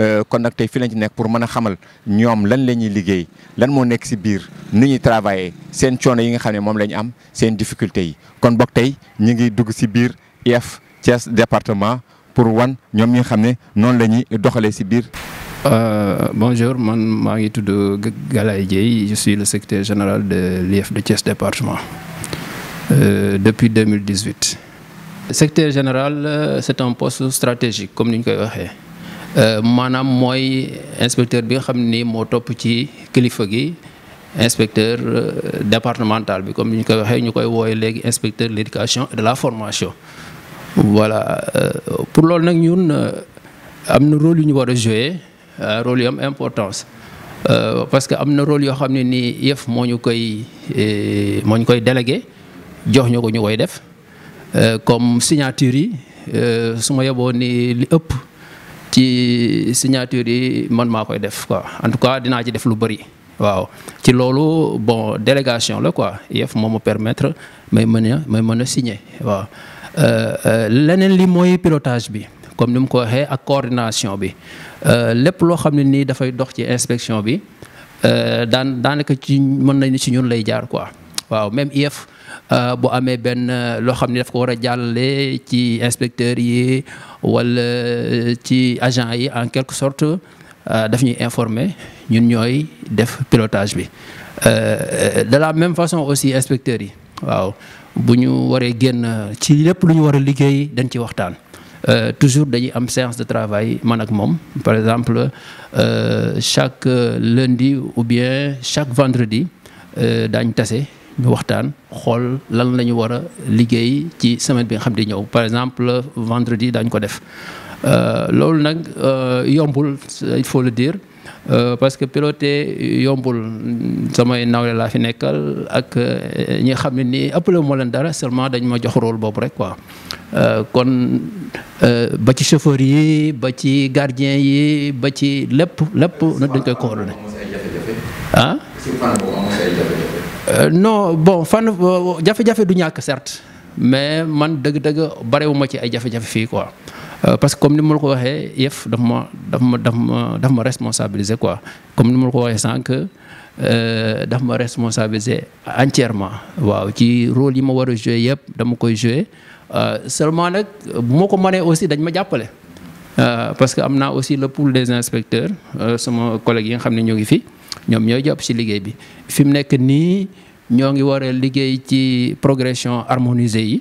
Euh, kon nag tey fi lañ ci nek pour mëna xamal ñom lan lañuy liggéey lan mo nek ci biir nu ñuy travailler seen coono yi nga xamné mom lañ am seen difficulté yi kon bok tay ñi ngi dugg ci biir IEF Thiès département pour wan ñom ñi nga xam ne noonu la ñuy doxalee si biir. Euh, bonjour man maa ngi tudd Galaye Dieye je suis le secrétaire général de l'IEF de Thiès département euh, depuis 2018. secrétaire général euh, c'est un poste stratégique comme ni ñu koy waxé euh, manam moy inspecteur bi xamni mo top ci kilifa gi inspecteur euh, départemental bi comme ñu koy waxe ñu koy wooye inspecteur de l'éducation et de la formation voilà euh, pour lool nak ñun amna rôle yu ñu wara jouer rôle yu am importance parce que amna rôle yo xamni ni yef mo ñu koy moo ñu koy déléguer jox ñu ñu koy def comme signature yi su ma yeboo ni li ëpp ci signature yi man maa koy def quoi en tout cas dinaa ci def lu bëri waaw ci loolu bon délégation la quoi IEF moo mu permettre may mëna may mën a signer waaw euh, euh, leneen li mooy pilotage bi comme ni mu ko waxee ak coordination bi euh, lépp loo xam ne nii dafay dox ci inspection bi daan daanaka ci mën nañu ci ñun lay jaar quoi waaw même IEF euh, bu amee benn euh, loo xam ne daf ko war a jàllale ci inspecteur yi wala euh, ci agent yi en quelque sorte daf ñuy informer ñun ñooy def pilotage bi de la même façon aussi inspecteur yi waaw bu ñu waree génn ci lépp lu ñu war a liggéey dañ ci waxtaan toujours dañuy am séance de travail man ak moom par exemple chaque lundi ou bien chaque vendredi dañ tase ñu waxtaan xool lan la ñu war a liggéey ci semaine bi nga xam di ñëw par exemple vendredi daañu ko def euh, loolu nag euh, yombul il faut le euh, parce que piloté yombul samay nawle laa fi nekkal ak ñi xam ne ni ëppale moo leen dara seulement dañ ma jox rôle boobu rek quoi kon ba ci chauffeur yi ba ci gardien yi ba ci lépp lépp nag dañ koy coordonné ah Euh, non bon fan euh, jafe-jafe du ñàkk certes mais man dëgg-dëgg barewuma ci ay jafe-jafe fii quoi euh, parce que comme ni ma la ko waxee yëf daf ma daf ma daf ma ma responsabiliser quoi comme ni ma la ko waxee sànq daf ma responsabiliser entièrement waaw ci rôle yi ma war a joué yëpp dama koy joué seulement nag bu ma ko mënee aussi dañ ma jàppale parce que am naa aussi le pool des inspecteurs sama collègues yi nga xam ne ñoo ngi fi. ñoom ñooy jàpp ci liggéey bi fi mu nekk nii ñoo ngi war liggéey ci progression harmonisée yi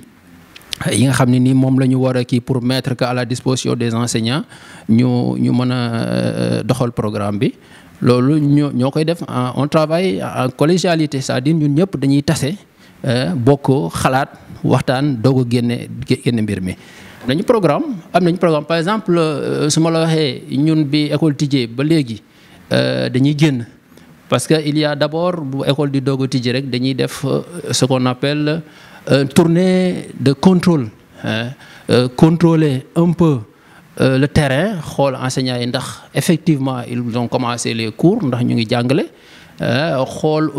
yi nga xam ne nii moom la ñu war a kii pour mettre que à la disposition des enseignants ñu ñu mën a euh, doxal programme bi loolu ñoo koy def en travaille en collégialité c'est-à-dire ñun ñëpp dañuy tase euh, bokk xalaat waxtaan doog a génne génne mbir mi. am nañu programme am nañu programme par exemple euh, su ma la waxee ñun bi école tijjee ba léegi dañuy génn. parce qu'il y a d'abord bu école di doog rek dañuy def euh, ce qu'on appelle euh, une tournée de contrôle hein. euh, contrôler un peu euh, le terrain xool enseignants ndax effectivement ils ont commencé les cours ndax ñu ngi jàngale hein.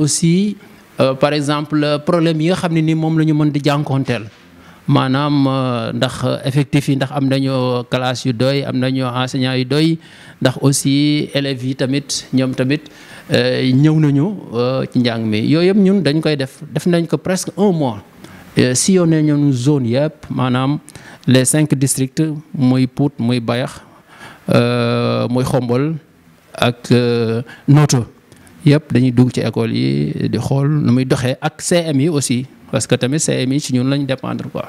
aussi euh, par exemple problème yi nga xam ne ni moom la ñu mën di jànkoonteel maanaam euh, ndax effectif ndax am nañu classe yu doy am nañu enseignants yu doy ndax aussi élèves yi tamit ñom tamit Euh, ñëw nañu euh, ci njàng mi yooyu yëpp ñun dañ koy def def nañ ko presque un mois euh, sillonné ñun zone yëpp maanaam les cinq districts muy Pout muy Bayax muy Xombol ak Noto yëpp dañuy dugg ci école yi di xool nu muy doxee ak CM yi aussi parce que tamit CM yi ci ñun lañ dépendre quoi.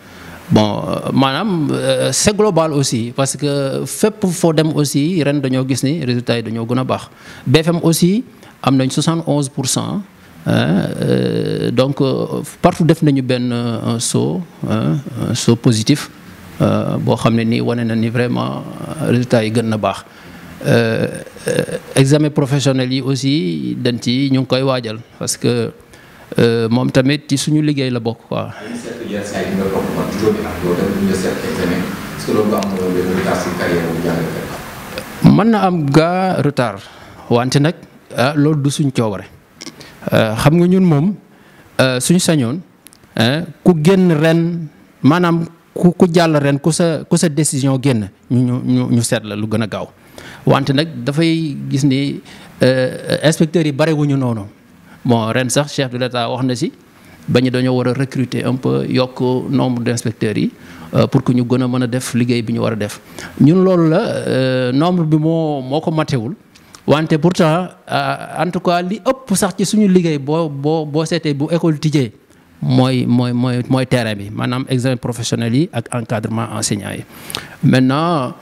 bon euh, maanaam euh, c'est global aussi parce que fépp foo dem aussi ren dañoo gis ni résultats yi dañoo gën a BFM aussi am nañ 71 pour hein, euh, donc partout def nañu benn saut hein, saut positif euh, bo xamné ni woné na ni vraiment résultats yi gën na euh, examen professionnel yi aussi dañ ci ñu koy waajal parce que Euh, moom tamit ci suñu liggéey la bokk quoi. mën na am gaa retard wante nag ah, loolu du suñ coobare euh, xam nga ñun moom euh, suñ sañoon ku génn ren maanaam ku ku jàll ren ku sa ku sa décision génn ñu ñu ñu seet la lu gën a gaaw wante nag dafay gis ni inspecteurs yi barewuñu noonu. bon ren sax chef de l'État wax na si ba ñu dañoo war a recruter un peu yokk nombre d'inspecteurs yi euh, pour que ñu gën a mën a def liggéey bi ñu war a def ñun loolu la euh, nombre bi moo moo ko matewul wante pourtant euh, en tout cas li ëpp sax ci suñu liggéey boo boo boo seetee bu école tijjee mooy mooy mooy mooy terrain bi maanaam examen professionnel yi ak encadrement enseignant yi maintenant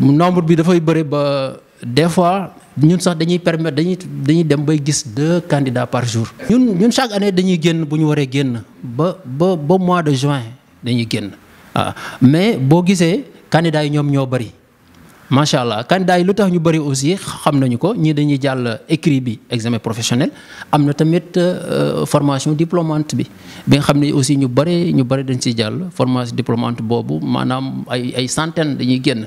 nombre bi dafay bëri ba. des fois ñun sax dañuy permettre dañuy dañuy dem bay gis deux candidats par jour. ñun ñun chaque année dañuy génn bu ñu waree génn ba ba ba mois de juin dañuy génn waaw mais boo gisee candidats yi ñoom ñoo bëri macha allah candidats yi lu tax ñu bëri aussi xam nañu ko ñii dañuy jàll écrit bi examen professionnel am na tamit euh, formation diplomante bi bi nga xam ne aussi ñu bëri ñu bëri dañ siy jàll formation diplômante boobu maanaam ay ay centaines dañuy génn.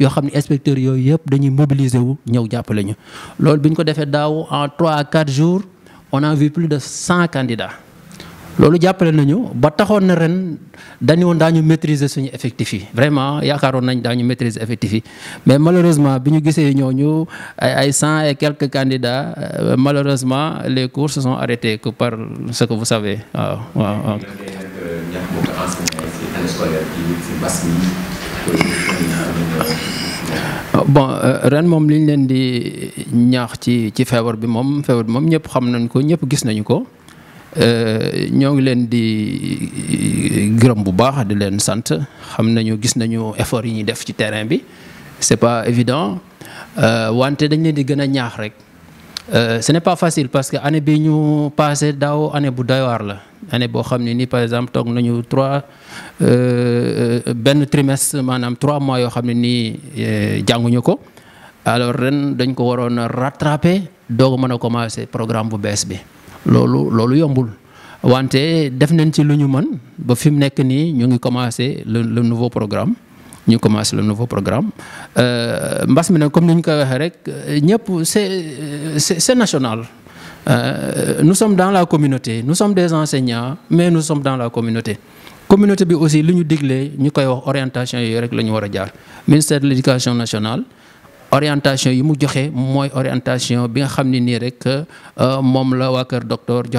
yo xamni inspecteur inspecteurs yep dañuy mobiliser wu ñew jappalé ñu. lool biñ ko défé daaw en 3 à 4 jours on a vu plus de 100 candidats loolu jappalé nañu ba taxone ren dañu woon ce maîtriser suñu effectif yi vraiment yaakaaroon nañ dañu maîtriser effectif yi mais malheureusement biñu gisé ñoñu ay ay 100 et quelques candidats euh, malheureusement les courses se sont arrêtées, que par ce que vous savez waaw waaw bon euh, ren moom li ñu leen di ñaax ci ci feebar bi moom feebar bi moom ñëpp xam nañ ko ñëpp gis nañu ko euh, ñoo ngi leen di euh, gërëm bu baax di leen sant xam nañu gis nañu efort yi ñuy def ci terrain bi c'est pas évident wante dañ leen di gën a ñaax rek. Euh, ce n'est pas facile parce que année bi ñu passé daaw année bu doywaar la année boo xam ne nii par exemple toog nañu trois euh, euh, benn trimestre maanaam trois mois yoo xam ne nii jànguñu ko alors ren dañ ko waroon a rattraper doo a mën a commencer programme bu bees bi loolu loolu yombul wante def nañ ci lu ñu mën ba fi mu nekk nii ñu ngi commencer le le nouveau programme Nous commençons le nouveau programme euh, comme nous c'est national euh, nous sommes dans la communauté nous sommes des enseignants mais nous sommes dans la communauté La communauté bi aussi nous nous diglee nous avons orientation avec rek ministère de l'éducation nationale orientation il mu dit moi orientation bi nga xam ne nii euh, docteur dit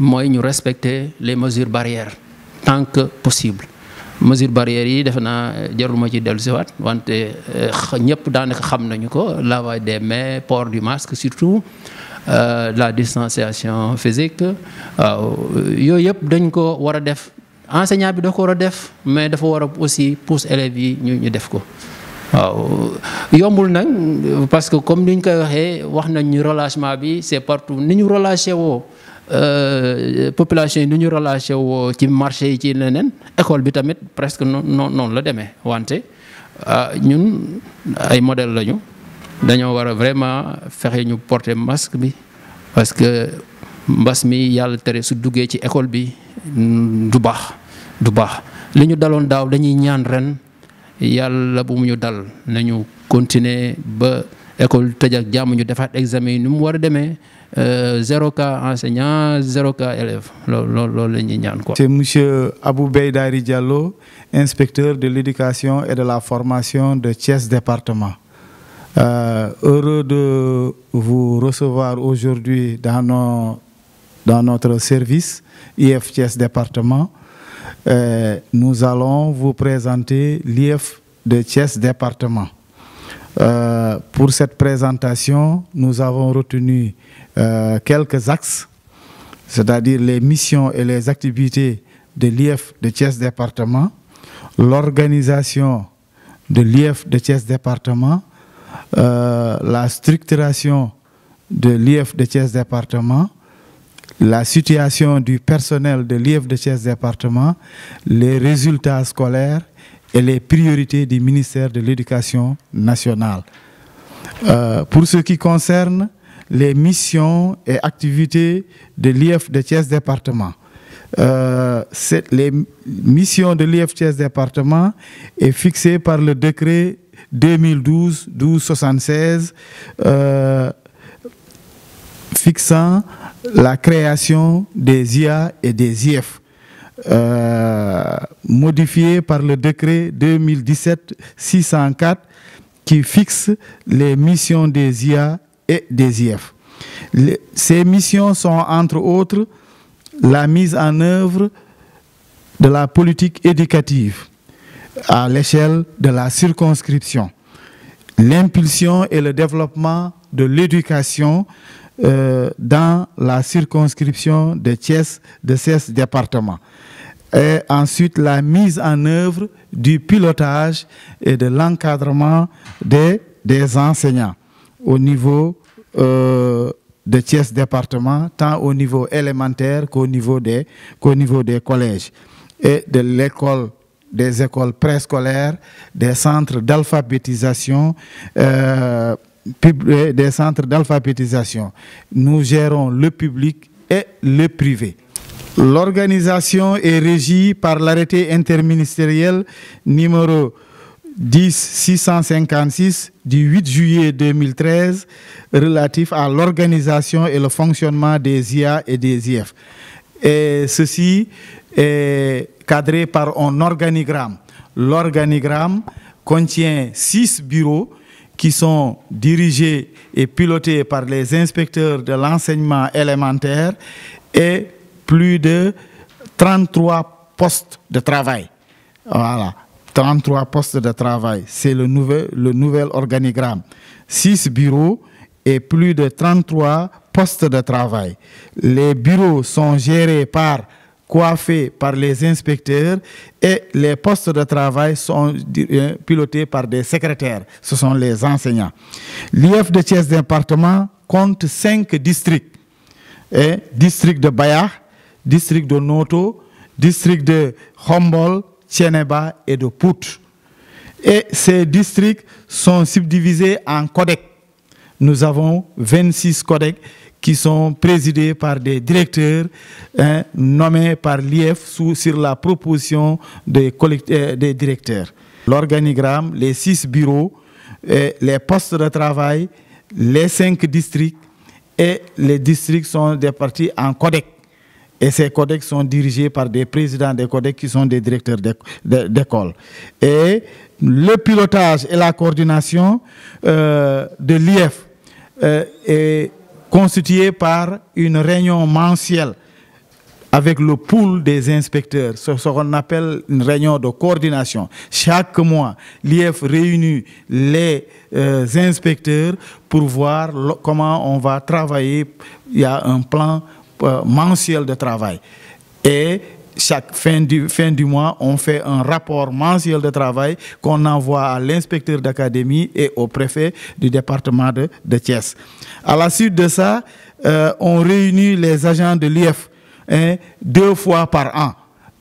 moi respecter les mesures barrières tant que possible mesure barrière yi defe naa euh, jarul ma ci wat siwaat wante euh, ñëpp daanaka xam nañu ko lavage des mains port du masque surtout Euh, la distanciation physique waaw euh, yooyu yëpp dañ ko wara def enseignant bi da ko wara def mais dafa war a aussi pousse élèves yi ñu ñu def ko waaw yombul nak parce que comme ni ñu koy waxé wax nañ ñu relâchement bi c'est partout ni ñu relâché wo Euh, population yi nu ñu relâché woo ci marché yi ci leneen école bi tamit presque non noonu la demee wante euh, ñun ay modèle lañu dañoo war a vraiment fexe ñu porter masque bi parce que mbas mi yàlla tere su duggee ci école bi du baax du baax li ñu daloon daaw dañuy ñaan ren yàlla bu mu ñu dal nañu continuer ba école tëj ak jàmm ñu defaat examen yi ni mu war a demee 0K euh, enseignant 0K élève c'est M. Abou Beydari inspecteur de l'éducation et de la formation de Thiès département euh, heureux de vous recevoir aujourd'hui dans notre service IF Thiès département euh, nous allons vous présenter l'IF de Thiès département. pour cette présentation, nous avons retenu euh, quelques axes, c'est-à-dire les missions et les activités de l'IF de Thiès département, l'organisation de l'IF de Thiès département, euh, la structuration de l'IF de Thiès département, la situation du personnel de l'IF de Thiès département, les résultats scolaires et les priorités du ministère de l'Éducation nationale. Euh, pour ce qui concerne les missions et activités de l'IF de Thiès département. Euh, les missions de l'IFTS département est fixée par le décret 2012-1276 euh, fixant la création des IA et des IF. Euh, modifié par le décret 2017-604 qui fixe les missions des IA des IF. ces missions sont entre autres la mise en œuvre de la politique éducative à l'échelle de la circonscription, l'impulsion et le développement de l'éducation euh, dans la circonscription de, Thiès, ces départements. Et ensuite, la mise en œuvre du pilotage et de l'encadrement des, des enseignants au niveau euh, de tiers département, tant au niveau élémentaire qu'au niveau, des, niveau des collèges et de l'école des écoles préscolaires, des centres d'alphabétisation, euh, euh, des centres d'alphabétisation. Nous gérons le public et le privé. L'organisation est régie par l'arrêté interministériel numéro 10 656 du 8 juillet 2013 relatif à l'organisation et le fonctionnement des IA et des IF. Et ceci est cadré par un organigramme. L'organigramme contient six bureaux qui sont dirigés et pilotés par les inspecteurs de l'enseignement élémentaire et plus de 33 postes de travail. Voilà. 33 postes de travail. C'est le nouvel, organigramme. 6 bureaux et plus de 33 postes de travail. Les bureaux sont gérés par, coiffés par les inspecteurs et les postes de travail sont euh, pilotés par des secrétaires. Ce sont les enseignants. L'IF de Thiès département compte 5 districts. Eh, district de Bayah, district de Noto, district de Hombol, Tchénéba et de Pout. Et ces districts sont subdivisés en codecs. Nous avons 26 codecs qui sont présidés par des directeurs hein, nommés par l'IF sur la proposition euh, des, directeurs. L'organigramme, les six bureaux, les postes de travail, les cinq districts et les districts sont des parties en codecs. Et ces codecs sont dirigés par des présidents des codecs qui sont des directeurs d'école. Et le pilotage et la coordination euh, de l'IF euh, est constitué par une réunion mensuelle avec le pool des inspecteurs, ce qu'on appelle une réunion de coordination. Chaque mois, l'IF réunit les euh, inspecteurs pour voir comment on va travailler. Il y a un plan euh, mensuel de travail. Et chaque fin du, fin du mois, on fait un rapport mensuel de travail qu'on envoie à l'inspecteur d'académie et au préfet du département de, de Thiès. À la suite de ça, euh, on réunit les agents de l'IF hein, deux fois par an.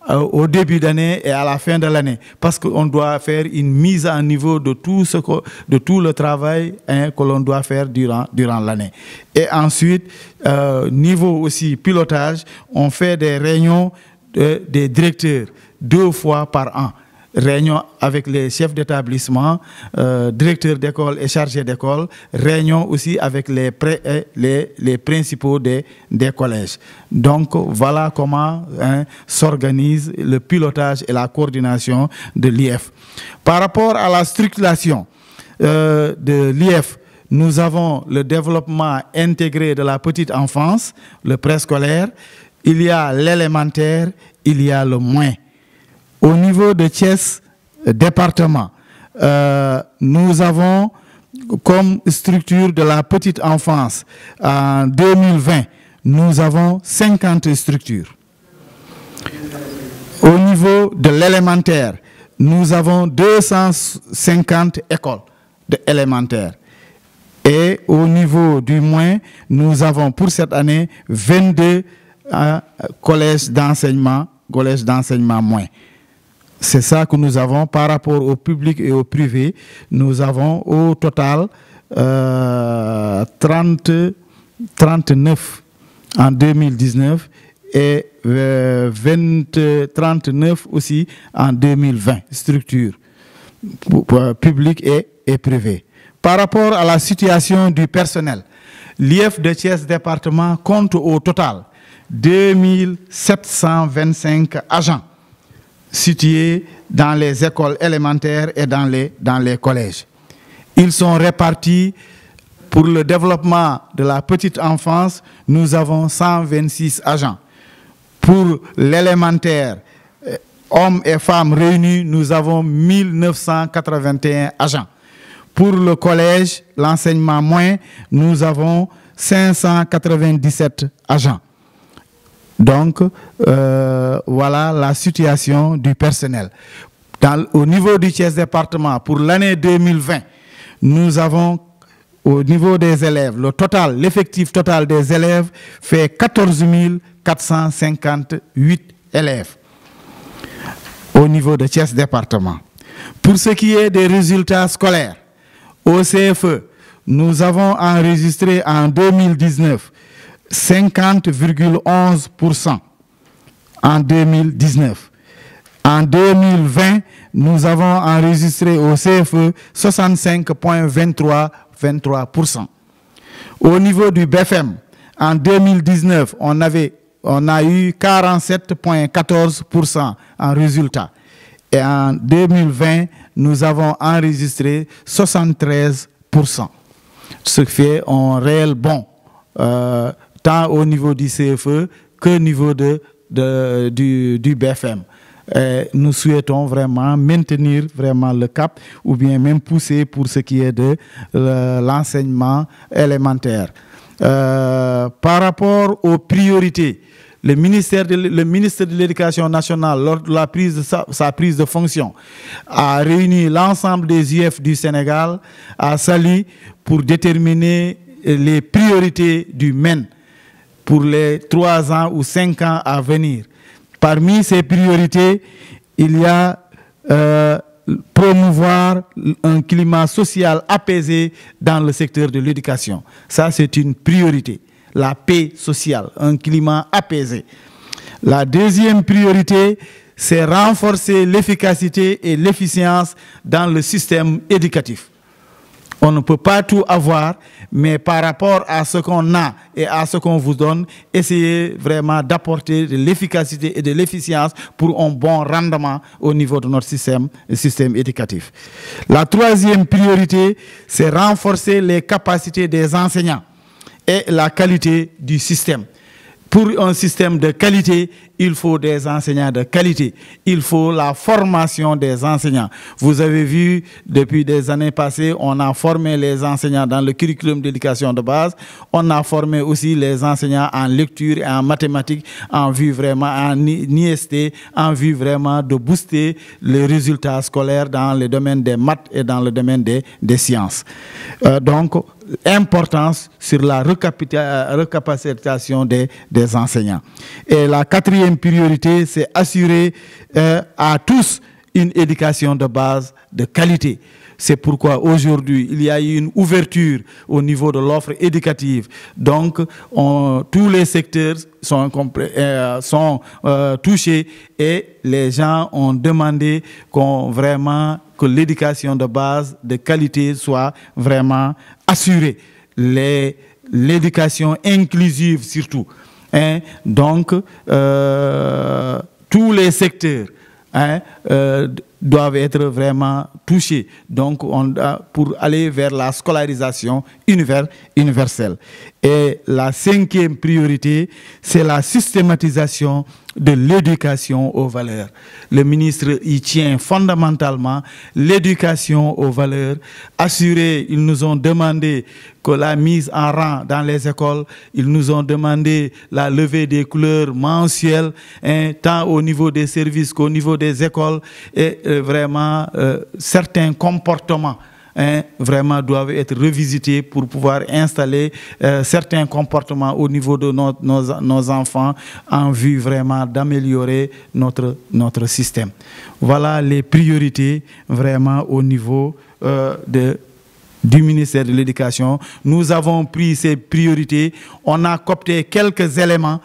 Euh, au début d'année et à la fin de l'année, parce qu'on doit faire une mise à niveau de tout, ce que, de tout le travail hein, que l'on doit faire durant, durant l'année. Et ensuite, euh, niveau aussi pilotage, on fait des réunions des directeurs deux fois par an réunion avec les chefs d'établissement, euh, directeurs d'école et chargés d'école, réunion aussi avec les, les, les principaux des, des, collèges. Donc voilà comment hein, s'organise le pilotage et la coordination de l'IEF. Par rapport à la structuration euh, de l'IEF, nous avons le développement intégré de la petite enfance, le préscolaire, il y a l'élémentaire, il y a le moins. Au niveau de Thiès euh, département, euh, nous avons comme structure de la petite enfance en 2020, nous avons 50 structures. Au niveau de l'élémentaire, nous avons 250 écoles d'élémentaire. Et au niveau du moins, nous avons pour cette année 22 euh, collèges d'enseignement, collèges d'enseignement moins. C'est ça que nous avons par rapport au public et au privé. Nous avons au total euh, 30, 39 en 2019 et 20, euh, 39 aussi en 2020, structures euh, publiques et, et privées. Par rapport à la situation du personnel, l'IF de département compte au total 2725 agents situés dans les écoles élémentaires et dans les, collèges. Ils sont répartis pour le développement de la petite enfance, nous avons 126 agents. Pour l'élémentaire, euh, hommes et femmes réunis, nous avons 1981 agents. Pour le collège, l'enseignement moins, nous avons 597 agents. Donc, euh, voilà la situation du personnel. au niveau du tiers département, pour l'année 2020, nous avons au niveau des élèves, le total, l'effectif total des élèves fait 14 458 élèves au niveau de tiers département. Pour ce qui est des résultats scolaires, au CFE, nous avons enregistré en 2019 50,11% en 2019. En 2020, nous avons enregistré au CFE 65,23%. Au niveau du BFM, en 2019, on, avait, on a eu 47,14% en résultat. Et en 2020, nous avons enregistré 73%, ce qui fait un réel bon. Euh, tant au niveau du CFE que au niveau de, du, BFM. nous souhaitons vraiment maintenir vraiment le cap ou bien même pousser pour ce qui est de euh, l'enseignement élémentaire. Euh, par rapport aux priorités, le ministère le ministre de l'Éducation nationale, lors de la prise sa, prise de fonction, a réuni l'ensemble des IF du Sénégal à Sali pour déterminer les priorités du MEN pour les trois ans ou cinq ans à venir. Parmi ces priorités, il y a euh, promouvoir un climat social apaisé dans le secteur de l'éducation. Ça, c'est une priorité. La paix sociale, un climat apaisé. La deuxième priorité, c'est renforcer l'efficacité et l'efficience dans le système éducatif. On ne peut pas tout avoir, mais par rapport à ce qu'on a et à ce qu'on vous donne, essayez vraiment d'apporter de l'efficacité et de l'efficience pour un bon rendement au niveau de notre système, système éducatif. La troisième priorité, c'est renforcer les capacités des enseignants et la qualité du système. Pour un système de qualité, il faut des enseignants de qualité, il faut la formation des enseignants. Vous avez vu, depuis des années passées, on a formé les enseignants dans le curriculum d'éducation de base, on a formé aussi les enseignants en lecture et en mathématiques, en vue vraiment, en IST, en vue vraiment de booster les résultats scolaires dans le domaine des maths et dans le domaine des, sciences. Euh, donc, importance sur la euh, recapacitation des, des enseignants. Et la quatrième priorité, c'est assurer euh, à tous une éducation de base de qualité. C'est pourquoi aujourd'hui, il y a eu une ouverture au niveau de l'offre éducative. Donc, on, tous les secteurs sont, euh, euh, touchés et les gens ont demandé qu'on vraiment que l'éducation de base de qualité soit vraiment assurée. L'éducation inclusive surtout. Hein. donc, euh, tous les secteurs hein, euh, doivent être vraiment touchés donc on, pour aller vers la scolarisation universelle. Et la cinquième priorité, c'est la systématisation de l'éducation aux valeurs. Le ministre y tient fondamentalement l'éducation aux valeurs. Assurer, ils nous ont demandé que la mise en rang dans les écoles, ils nous ont demandé la levée des couleurs mensuelles, hein, tant au niveau des services qu'au niveau des écoles, et euh, vraiment euh, certains comportements Hein, vraiment doivent être revisités pour pouvoir installer euh, certains comportements au niveau de nos, enfants en vue vraiment d'améliorer notre, notre système. Voilà les priorités vraiment au niveau euh, du ministère de l'Éducation. Nous avons pris ces priorités. On a copté quelques éléments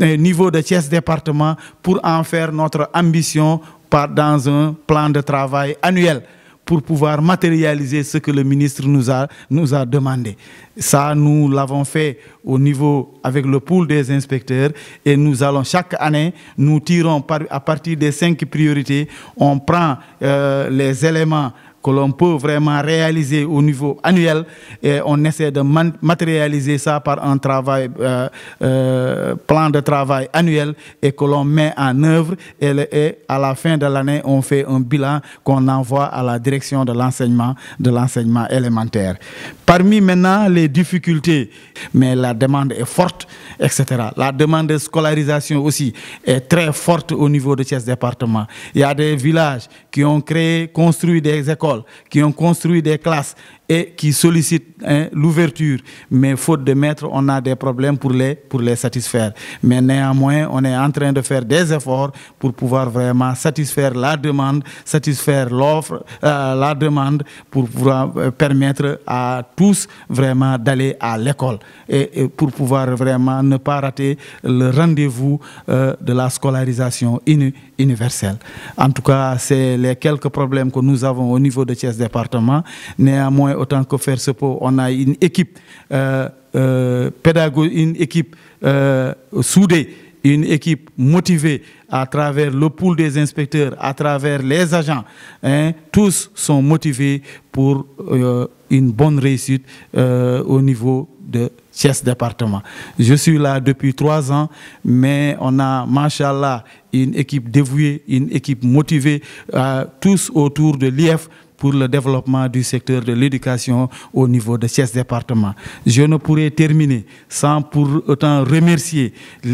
au euh, niveau de Thiès département pour en faire notre ambition dans un plan de travail annuel pour pouvoir matérialiser ce que le ministre nous a, nous a demandé. Ça, nous l'avons fait au niveau avec le pool des inspecteurs et nous allons chaque année, nous tirons à partir des cinq priorités, on prend euh, les éléments que l'on peut vraiment réaliser au niveau annuel et on essaie de matérialiser ça par un travail, euh, euh, plan de travail annuel et que l'on met en œuvre et, à la fin de l'année, on fait un bilan qu'on envoie à la direction de l'enseignement, de l'enseignement élémentaire. Parmi maintenant les difficultés, mais la demande est forte, etc. La demande de scolarisation aussi est très forte au niveau de ces départements. Il y a des villages qui ont créé, construit des écoles écoles, qui ont construit des classes et qui sollicitent hein, l'ouverture. Mais faute de maître, on a des problèmes pour les, pour les satisfaire. Mais néanmoins, on est en train de faire des efforts pour pouvoir vraiment satisfaire la demande, satisfaire l'offre, euh, la demande, pour pouvoir euh, permettre à tous vraiment d'aller à l'école et, pour pouvoir vraiment ne pas rater le rendez-vous euh, de la scolarisation universelle. En tout cas, c'est les quelques problèmes que nous avons au niveau de Thiès département. Néanmoins, autant que faire ce pot on a une équipe euh, euh, pédagogique, une équipe euh, soudée, une équipe motivée à travers le pool des inspecteurs, à travers les agents. Hein, tous sont motivés pour une bonne réussite au niveau de ce département. Je suis là depuis trois ans, mais on a, machallah, une équipe dévouée, une équipe motivée, tous autour de l'IF pour le développement du secteur de l'éducation au niveau de ces départements. Je ne pourrais terminer sans pour autant remercier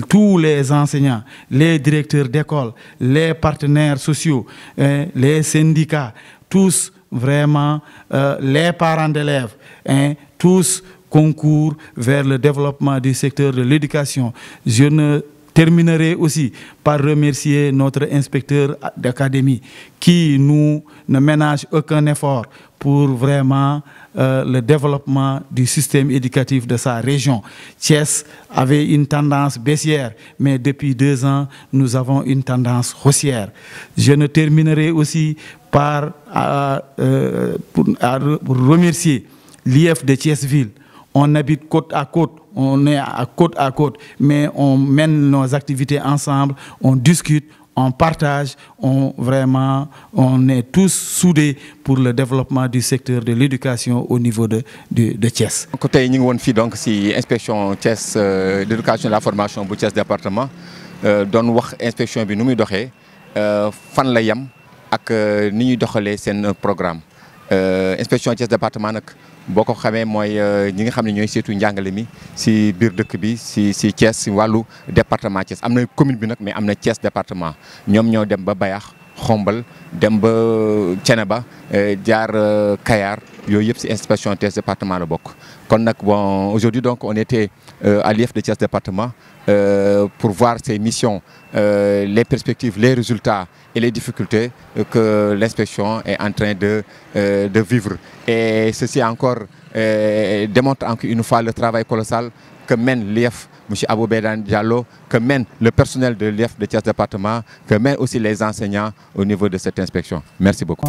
tous les enseignants, les directeurs d'école, les partenaires sociaux, hein, les syndicats, tous vraiment euh, les parents d'élèves, hein, tous concours vers le développement du secteur de l'éducation. Je ne terminerai aussi par remercier notre inspecteur d'académie qui nous ne ménage aucun effort pour vraiment euh, le développement du système éducatif de sa région. Thiès avait une tendance baissière, mais depuis deux ans, nous avons une tendance haussière. Je ne terminerai aussi par euh, euh, remercier l'IF de thiès on habite côte à côte, on est à côte à côte, mais on mène nos activités ensemble, on discute, on partage, on vraiment, on est tous soudés pour le développement du secteur de l'éducation au niveau de, de, de Thiès. Côté nous donc si inspection Thiès, l'éducation euh, et la formation pour Thiès département, euh, donne wax inspection nous doxé euh, fan la yam ak euh, ni programme euh, inspection Thiès département boo ko xamee mooy euh, ñi nga xam ne ñooy seetu njàngale mi si biir dëkk bi si si Thiès si wàllu département Thiès am na commune bi nag mais am na cees département ñoom ñoo dem ba Bayax Xombal dem ba cene euh, Ceneba euh, jaar Kayar inspection département le bok aujourd'hui donc on était euh, à l'IF de tiers département euh, pour voir ses missions euh, les perspectives les résultats et les difficultés que l'inspection est en train de vivre et ceci encore démontre encore une fois le travail colossal que mène l'IF, M. Abou Diallo que mène le personnel de l'IF de Thiès département que mène aussi les enseignants au niveau de cette inspection merci beaucoup